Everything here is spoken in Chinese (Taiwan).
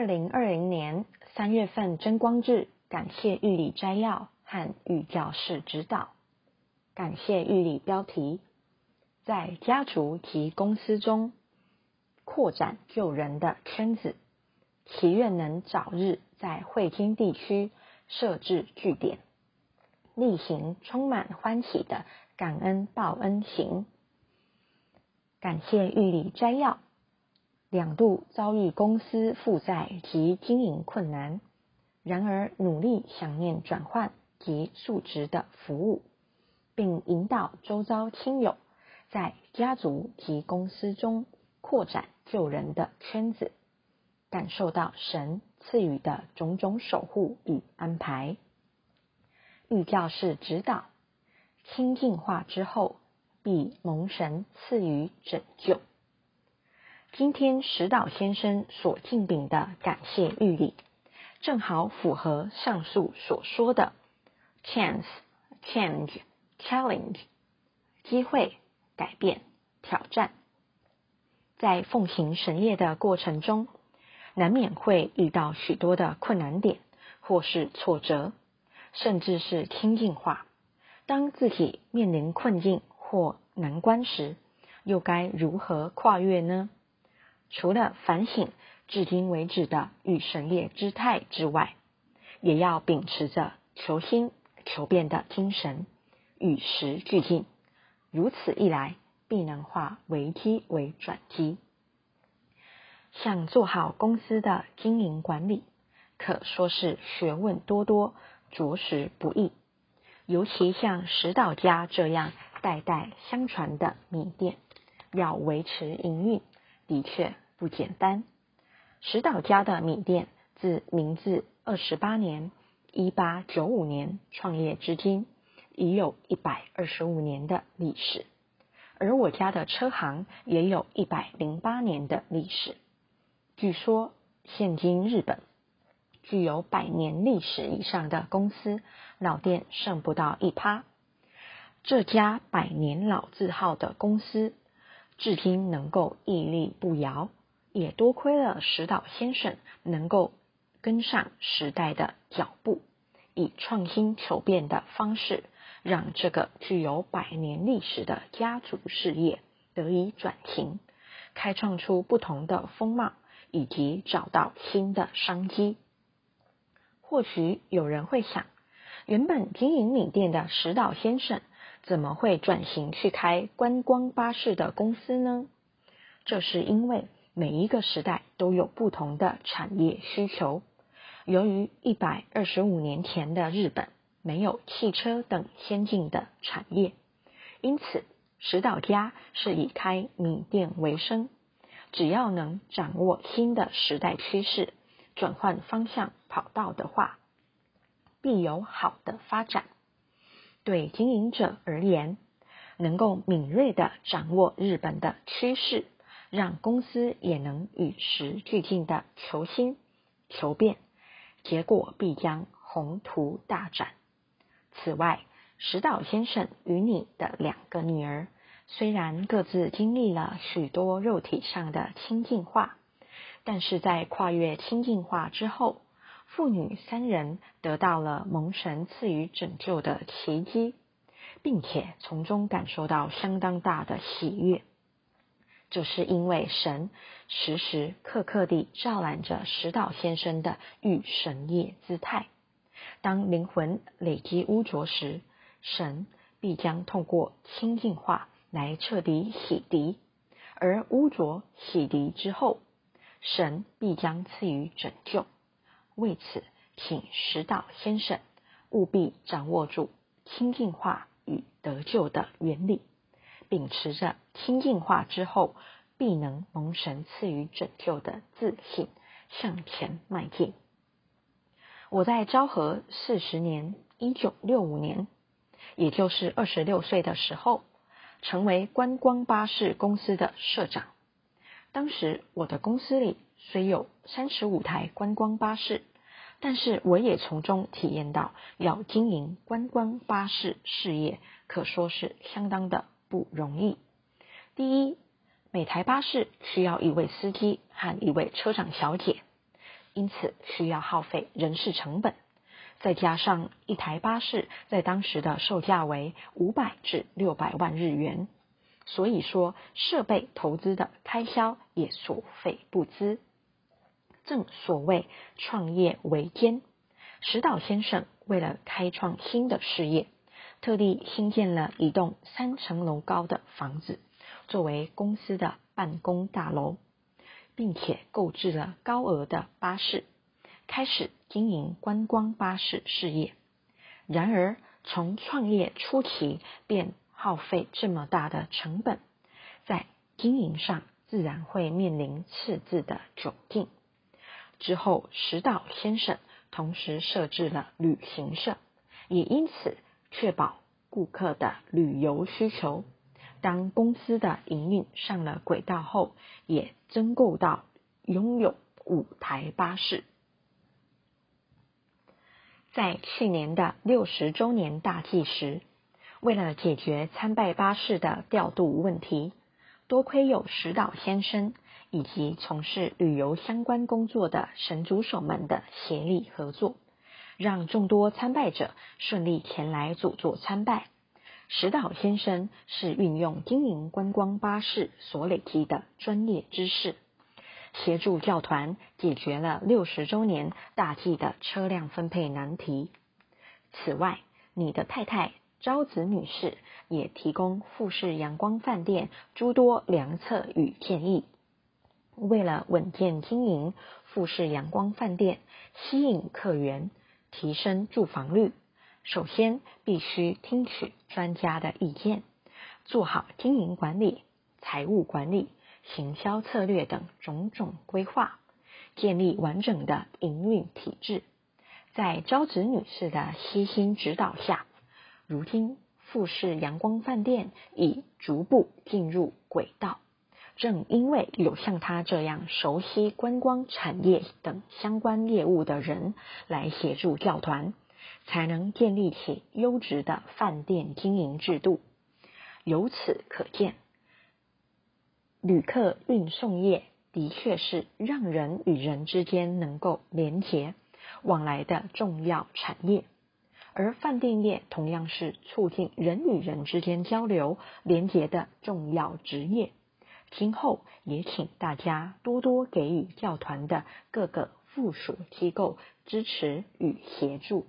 二零二零年三月份，真光誌，感謝御禮摘要和御教示指導，感謝御禮標題，在家族及公司中擴展救人的圈子，祈願能早日在會津地區設置據點，力行充滿歡喜的感謝報恩行，感謝御禮摘要。兩度遭遇公司負債及經營困難，然而努力想念轉換及數值的服務，並引導周遭親友在家族及公司中擴展救人的圈子，感受到神賜予的種種守護與安排。御教示指導，清淨化之後，必蒙神賜予拯救。今天石島先生所敬稟的感謝御禮，正好符合上述所說的：chance、change、challenge，機會、改變、挑戰。在奉行神業的過程中，難免會遇到許多的困難點，或是挫折，甚至是清淨化。當自己面臨困境或難關時，又該如何跨越呢？除了反省至今為止的與神劣姿態之外，也要秉持着求新求變的精神，與時俱進。如此一來，必能化危機為轉機。想做好公司的經營管理，可說是學問多多，着實不易。尤其像石道家這樣代代相傳的米店，要維持營運。的確不簡單。石島家的米店自明治二十八年一八九五年創業至今，已有一百二十五年的歷史。而我家的車行也有一百零八年的歷史。據說，現今日本具有百年歷史以上的公司老店，剩不到一趴。這家百年老字號的公司，至今能夠屹立不搖，也多虧了石島先生能夠跟上時代的腳步，以創新求變的方式，讓這個具有百年歷史的家族事業得以轉型，開創出不同的風貌，以及找到新的商機。或許有人會想，原本經營米店的石島先生，怎麼會轉型去開觀光巴士的公司呢？這是因為每一個時代都有不同的產業需求。由於一百二十五年前的日本沒有汽車等先進的產業，因此石島家是以開米店為生。只要能掌握新的時代趨勢，轉換方向跑道的話，必有好的發展。對經營者而言，能夠敏銳地掌握日本的趨勢，讓公司也能與時俱進地求新求變，結果必將宏圖大展。此外，石島先生與你的兩個女兒，雖然各自經歷了許多肉體上的清淨化，但是在跨越清淨化之後，父女三人得到了蒙神賜予拯救的奇跡，並且從中感受到相當大的喜悅。這、就是因為神時時刻刻地照覽着石島先生的御神業姿態。當靈魂累積污濁時，神必將通過清淨化來徹底洗滌；而污濁洗滌之後，神必將賜予拯救。為此，請石島先生務必掌握住清淨化與得救的原理，秉持著清淨化之後必能蒙神賜予拯救的自信向前邁進。我在昭和四十年 （1965 年），也就是二十六歲的時候，成為觀光巴士公司的社長。當時我的公司裡。雖有三十五台觀光巴士，但是我也從中體驗到，要經營觀光巴士事業，可說是相當的不容易。第一，每台巴士需要一位司機和一位車長小姐，因此需要耗費人事成本，再加上一台巴士在當時的售價為五百至六百萬日元，所以說設備投資的開銷也所費不貲。正所謂創業維艱，石島先生為了開創新的事業，特地新建了一棟三層樓高的房子，作為公司的辦公大樓，並且購置了高額的巴士，開始經營觀光巴士事業。然而，從創業初期便耗費這麼大的成本，在經營上自然會面臨赤字的窘境。之後，石島先生同時設置了旅行社，也因此確保顧客的旅遊需求。當公司的營運上了軌道後，也增購到擁有五台巴士。在去年的六十周年大祭時，為了解決參拜巴士的調度問題，多虧有石島先生以及從事旅遊相關工作的神主手們的協力合作，讓眾多參拜者順利前來主座參拜。石島先生是運用經營觀光巴士所累積的專業知識，協助教團解決了六十週年大祭的車輛分配難題。此外，你的太太昭子女士也提供富士陽光飯店諸多良策與建議。為了穩健經營富士陽光飯店，吸引客源，提升住房率，首先必須聽取專家的意見，做好經營管理、財務管理、行銷策略等種種規劃，建立完整的營運體制。在招子女士的悉心指導下，如今富士陽光飯店已逐步進入軌道。正因為有像他這樣熟悉觀光產業等相關業務的人來協助教團，才能建立起優質的飯店經營制度。由此可見，旅客運送業的確是讓人與人之間能夠連結往來的重要產業，而飯店業同樣是促進人與人之間交流連結的重要職業。今後也請大家多多給予教團的各個附屬機構支持與協助。